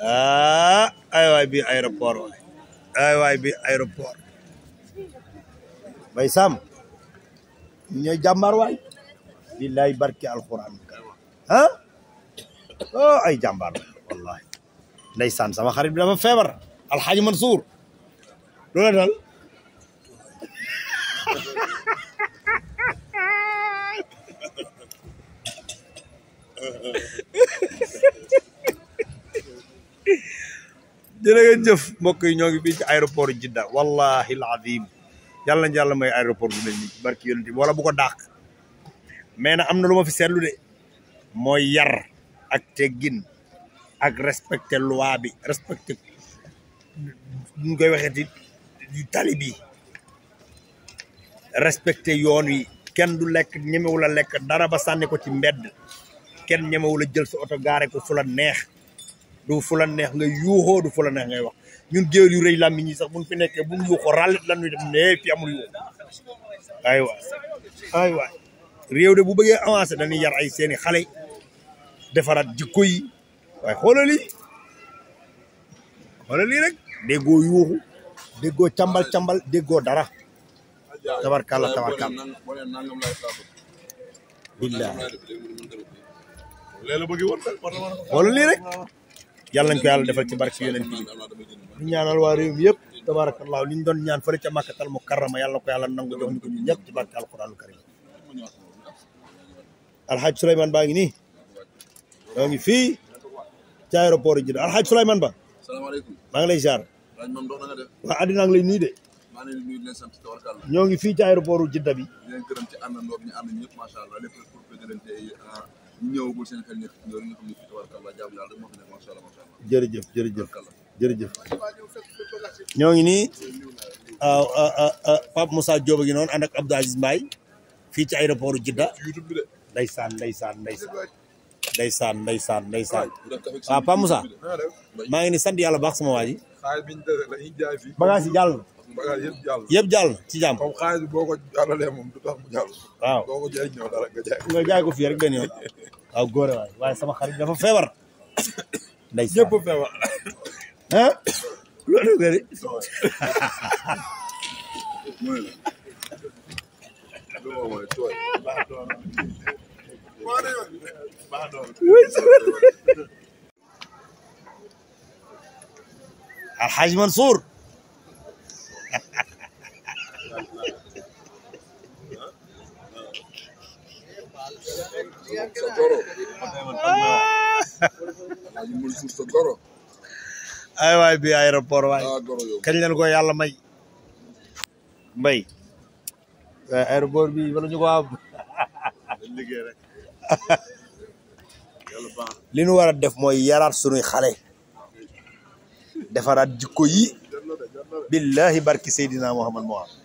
ah ay waay bi aéroport waay ay waay bi aéroport bay sam ñooy jàmbaar waay billahi barki alquran ah oh ay jàmbaar waay wallahi sama xarit bi dafa feebar alxaaji Mansour loola dal jërë ngeen jëf mbokk yi ñoo ngi ci aéroport Jidda wallahi alazim yàlla na yàlla may aéroport bu mel nii barki bi wala bu ko dàq mais na am na lu ma fi seetlu de mooy yar ak teggin ak respecté loi bi respecté koy waxee ti yu tali bi respecté yoon wi kenn du lekk ñemewu la lekk dara ba sànni ko ci mbedd kenn ñemewu la jël sa oto gaare ko neex du fu la neex nga yuuxoo du fu la neex ngay wax ñun géwél yu rëy làmmiñ yi sax buñ fi nekkee buñ yuuxoo ràllit lan ñuy def nee fi amul yuuxu ay waay ay de bu bëggee avancé dañuy yar ay seeni xale defaraat jikko yi waaye xoolal lii xoolal lii rek déggoo yuuxu déggoo càmbal càmbal déggoo dara tabarkàlla tabarkàlla billahi xoolal lii rek yàlla nañ ko yàlla defal ci barke yonent bi di ñaanal waa réew mi yëpp tabarakallahu li ñu doon ñaan fële ca màkkatal mu karrama yàlla ko yàlla nangu jox ñu ko ñu ñëpp ci barke alquranul karim alxaaj ngi nii ngi fii ci aéroport yi Jidda alxaaj Souleymane Ba maa ngi ñoo ngi fii ci aéroport Jidda ñëwagul seen xel ñoo nga xam ne fii tabarkalla jaamu yàlla rek moo fi nekk ngi nii ah, ah, ah, Pape Moussa Diop a ngi noonu ànd ak Abdou Aziz Mbaye fii ci aéroport Jidda ndeysaan ndeysaan ndeysaan saan ndeysaan ndeysaan waaw Pape Moussa maa ngi ni sant yàlla baax sama waa ji bagage yi jàll ci jàmm comme xaalis waaw boo ko jaay ñëw dara waaw góore waay waaye sama xarit dafa feebar. ndeysaan ñëpp feebar. ah. loolu nga di. Alxaaj Mansour. sa ay waay bi aéroport waay kañ leen ko yàlla may. mbay. waaye eh, aéroport bi wala ñu ko am. liggéey rek. def mooy yaraat sunuy xale. defaraat jikko yi. billahi barki Seydina Muhammad Muhammad.